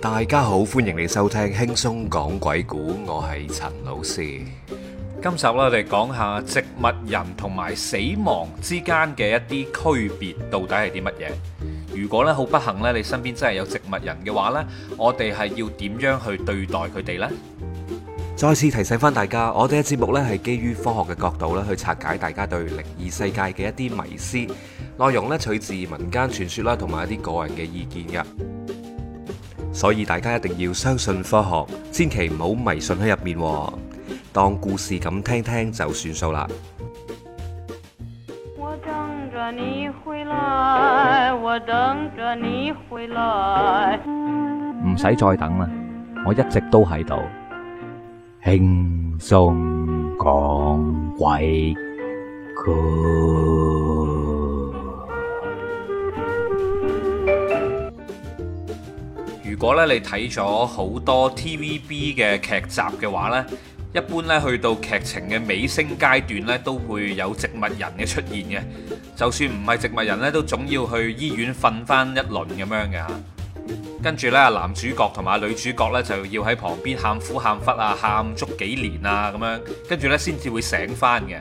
大家好，歡迎你收聽輕鬆講鬼故。我係陳老師。今集我哋講下植物人同埋死亡之間嘅一啲區別，到底係啲乜嘢？如果咧好不幸咧，你身邊真係有植物人嘅話咧，我哋係要點樣去對待佢哋呢？再次提醒翻大家，我哋嘅節目咧係基於科學嘅角度啦，去拆解大家對靈異世界嘅一啲迷思，內容咧取自民間傳說啦，同埋一啲個人嘅意見噶。所以大家一定要相信科學，千祈唔好迷信喺入面，當故事咁聽聽就算數啦。我等著你回來，我等著你回來。唔使再等啦，我一直都喺度，輕鬆講鬼故。我咧，如果你睇咗好多 TVB 嘅劇集嘅話呢，一般咧去到劇情嘅尾聲階段呢，都會有植物人嘅出現嘅。就算唔係植物人呢，都總要去醫院瞓翻一輪咁樣嘅嚇。跟住咧，男主角同埋女主角咧，就要喺旁邊喊苦喊忽，啊，喊足幾年啊，咁樣跟住咧，先至會醒翻嘅。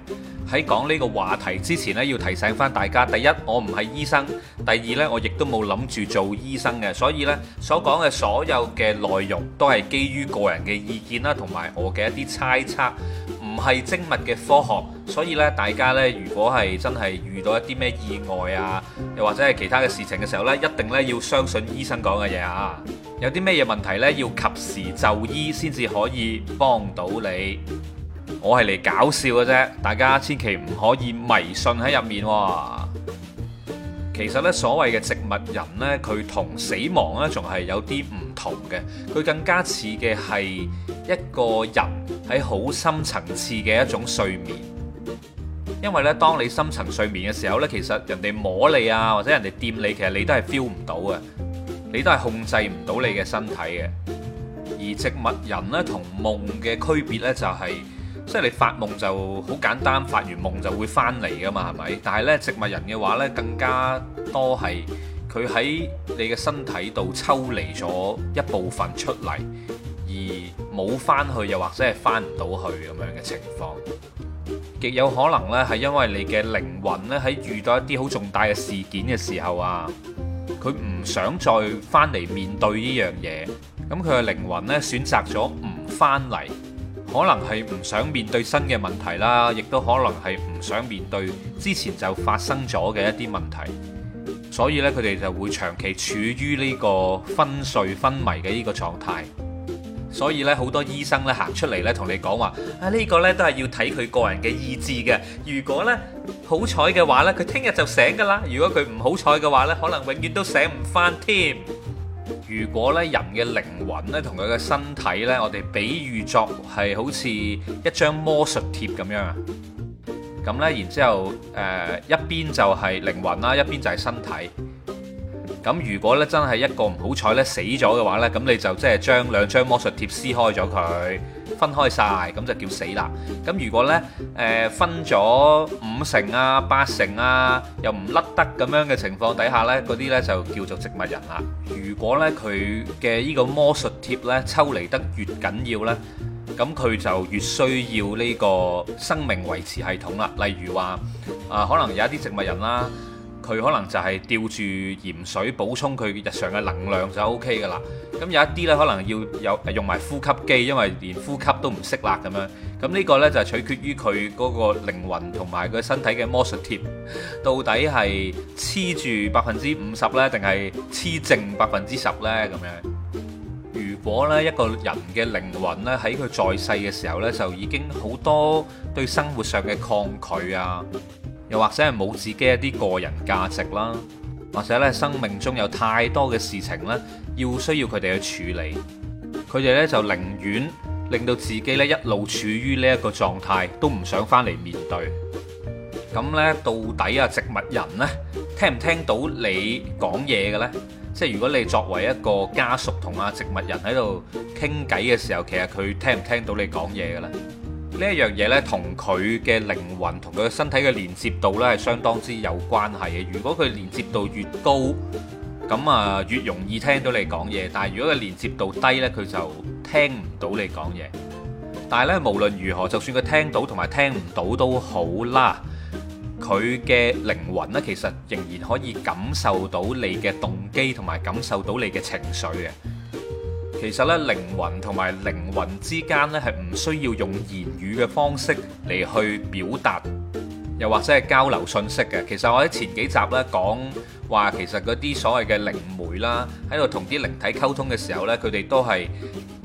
喺講呢個話題之前咧，要提醒翻大家：第一，我唔係醫生；第二咧，我亦都冇諗住做醫生嘅。所以呢，所講嘅所有嘅內容都係基於個人嘅意見啦，同埋我嘅一啲猜測。唔係精密嘅科學，所以咧，大家咧，如果係真係遇到一啲咩意外啊，又或者係其他嘅事情嘅時候咧，一定咧要相信醫生講嘅嘢啊！有啲咩嘢問題咧，要及時就醫先至可以幫到你。我係嚟搞笑嘅啫，大家千祈唔可以迷信喺入面。其實呢，所謂嘅植物人呢，佢同死亡呢，仲係有啲唔同嘅，佢更加似嘅係一個人，喺好深層次嘅一種睡眠，因為咧，當你深層睡眠嘅時候咧，其實人哋摸你啊，或者人哋掂你，其實你都係 feel 唔到嘅，你都係控制唔到你嘅身體嘅。而植物人呢，同夢嘅區別呢，就係，即係你發夢就好簡單，發完夢就會翻嚟噶嘛，係咪？但係呢，植物人嘅話呢，更加多係佢喺你嘅身體度抽離咗一部分出嚟。冇翻去，又或者係翻唔到去咁樣嘅情況，極有可能呢係因為你嘅靈魂呢喺遇到一啲好重大嘅事件嘅時候啊，佢唔想再翻嚟面對呢樣嘢，咁佢嘅靈魂呢選擇咗唔翻嚟，可能係唔想面對新嘅問題啦，亦都可能係唔想面對之前就發生咗嘅一啲問題，所以呢，佢哋就會長期處於呢個昏睡昏迷嘅呢個狀態。所以咧，好多醫生咧行出嚟咧，同你講話啊，呢個呢都係要睇佢個人嘅意志嘅。如果呢好彩嘅話呢，佢聽日就醒噶啦。如果佢唔好彩嘅話呢，可能永遠都醒唔翻添。如果呢人嘅靈魂咧同佢嘅身體呢，我哋比喻作係好似一張魔術貼咁樣。咁呢，然之後誒一邊就係靈魂啦，一邊就係身體。咁如果咧真係一個唔好彩咧死咗嘅話咧，咁你就即係將兩張魔術貼撕開咗佢，分開晒，咁就叫死啦。咁如果呢誒、呃、分咗五成啊、八成啊，又唔甩得咁樣嘅情況底下呢，嗰啲呢就叫做植物人啦。如果呢，佢嘅呢個魔術貼咧抽離得越緊要呢，咁佢就越需要呢個生命維持系統啦。例如話啊、呃，可能有一啲植物人啦。佢可能就係吊住鹽水補充佢日常嘅能量就 OK 㗎喇，咁有一啲咧可能要有用埋呼吸機，因為連呼吸都唔識啦咁樣。咁呢個呢，就係、是、取決於佢嗰個靈魂同埋佢身體嘅魔術貼，到底係黐住百分之五十呢，定係黐淨百分之十呢？咁樣。如果呢一個人嘅靈魂呢，喺佢在世嘅時候呢，就已經好多對生活上嘅抗拒啊！又或者係冇自己一啲個人價值啦，或者咧生命中有太多嘅事情呢，要需要佢哋去處理，佢哋呢就寧願令到自己呢一路處於呢一個狀態，都唔想翻嚟面對。咁呢，到底啊植物人呢？聽唔聽到你講嘢嘅呢？即係如果你作為一個家屬同啊植物人喺度傾偈嘅時候，其實佢聽唔聽到你講嘢嘅咧？呢一樣嘢呢，同佢嘅靈魂同佢嘅身體嘅連接度呢，係相當之有關係嘅。如果佢連接度越高，咁啊越容易聽到你講嘢。但係如果佢連接度低呢，佢就聽唔到你講嘢。但係咧，無論如何，就算佢聽到同埋聽唔到都好啦，佢嘅靈魂呢，其實仍然可以感受到你嘅動機同埋感受到你嘅情緒嘅。其實咧，靈魂同埋靈魂之間咧，係唔需要用言語嘅方式嚟去表達，又或者係交流信息嘅。其實我喺前幾集咧，講話，其實嗰啲所謂嘅靈媒啦，喺度同啲靈體溝通嘅時候呢，佢哋都係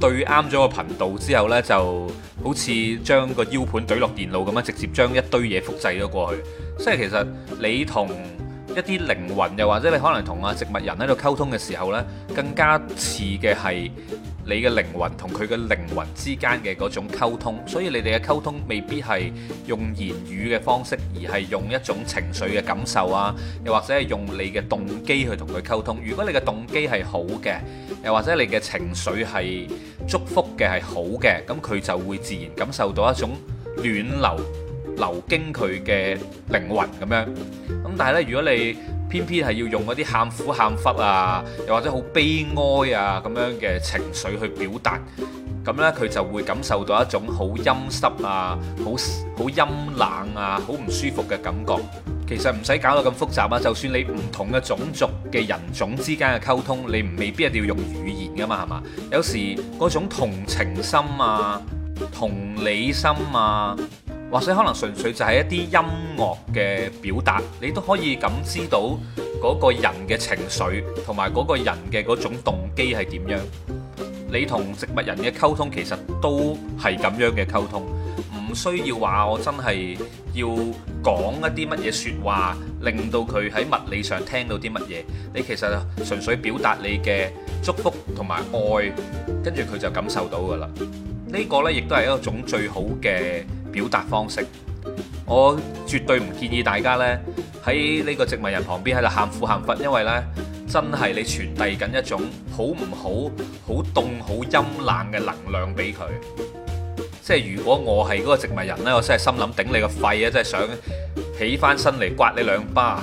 對啱咗個頻道之後呢，就好似將個 U 盤懟落電腦咁樣，直接將一堆嘢複製咗過去。即係其實你同一啲靈魂，又或者你可能同啊植物人喺度溝通嘅時候呢，更加似嘅係你嘅靈魂同佢嘅靈魂之間嘅嗰種溝通，所以你哋嘅溝通未必係用言語嘅方式，而係用一種情緒嘅感受啊，又或者係用你嘅動機去同佢溝通。如果你嘅動機係好嘅，又或者你嘅情緒係祝福嘅，係好嘅，咁佢就會自然感受到一種暖流。流經佢嘅靈魂咁樣，咁但係咧，如果你偏偏係要用嗰啲喊苦喊忽啊，又或者好悲哀啊咁樣嘅情緒去表達，咁咧佢就會感受到一種好陰濕啊，好好陰冷啊，好唔舒服嘅感覺。其實唔使搞到咁複雜啊，就算你唔同嘅種族嘅人種之間嘅溝通，你未必一定要用語言噶嘛，係嘛？有時嗰種同情心啊、同理心啊。或者可能純粹就係一啲音樂嘅表達，你都可以感知到嗰個人嘅情緒同埋嗰個人嘅嗰種動機係點樣。你同植物人嘅溝通其實都係咁樣嘅溝通，唔需要話我真係要講一啲乜嘢説話，令到佢喺物理上聽到啲乜嘢。你其實純粹表達你嘅祝福同埋愛，跟住佢就感受到㗎喇。呢、這個呢，亦都係一種最好嘅。表達方式，我絕對唔建議大家咧喺呢個植物人旁邊喺度喊苦喊忽。因為咧真係你傳遞緊一種好唔好、好凍、好陰冷嘅能量俾佢。即係如果我係嗰個植物人咧，我真係心諗頂你個肺啊！真係想起翻身嚟，刮你兩巴。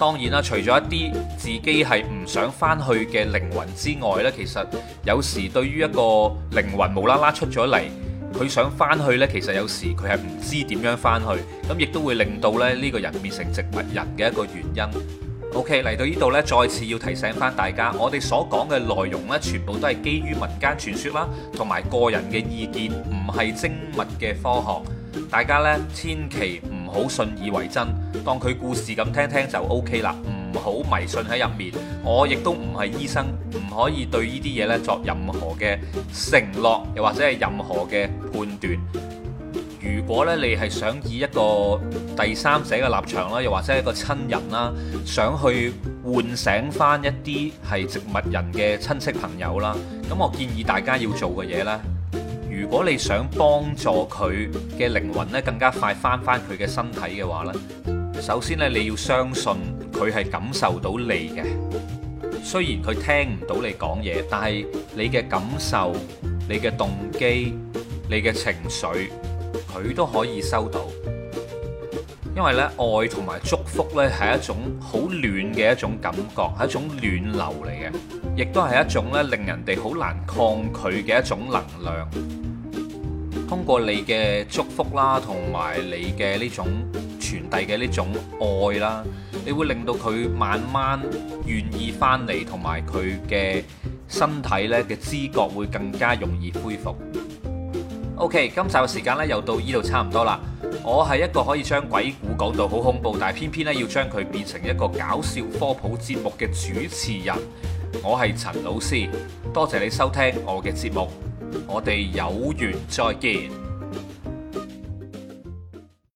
當然啦，除咗一啲自己係唔想翻去嘅靈魂之外咧，其實有時對於一個靈魂無啦啦出咗嚟。佢想翻去呢，其實有時佢係唔知點樣翻去，咁亦都會令到咧呢個人變成植物人嘅一個原因。OK，嚟到呢度呢，再次要提醒翻大家，我哋所講嘅內容呢，全部都係基於民間傳說啦，同埋個人嘅意見，唔係精密嘅科學。大家呢，千祈唔好信以為真，當佢故事咁聽聽就 OK 啦。好迷信喺入面，我亦都唔係醫生，唔可以對呢啲嘢咧作任何嘅承諾，又或者係任何嘅判斷。如果咧你係想以一個第三者嘅立場啦，又或者一個親人啦，想去喚醒翻一啲係植物人嘅親戚朋友啦，咁我建議大家要做嘅嘢咧，如果你想幫助佢嘅靈魂咧更加快翻翻佢嘅身體嘅話咧，首先咧你要相信。佢係感受到你嘅，雖然佢聽唔到你講嘢，但係你嘅感受、你嘅動機、你嘅情緒，佢都可以收到。因為呢，愛同埋祝福呢係一種好暖嘅一種感覺，係一種暖流嚟嘅，亦都係一種呢令人哋好難抗拒嘅一種能量。通過你嘅祝福啦，同埋你嘅呢種。傳遞嘅呢種愛啦，你會令到佢慢慢願意翻嚟，同埋佢嘅身體呢嘅知覺會更加容易恢復。OK，今集嘅時間呢，又到呢度差唔多啦。我係一個可以將鬼故講到好恐怖，但係偏偏呢，要將佢變成一個搞笑科普節目嘅主持人。我係陳老師，多謝你收聽我嘅節目，我哋有緣再見。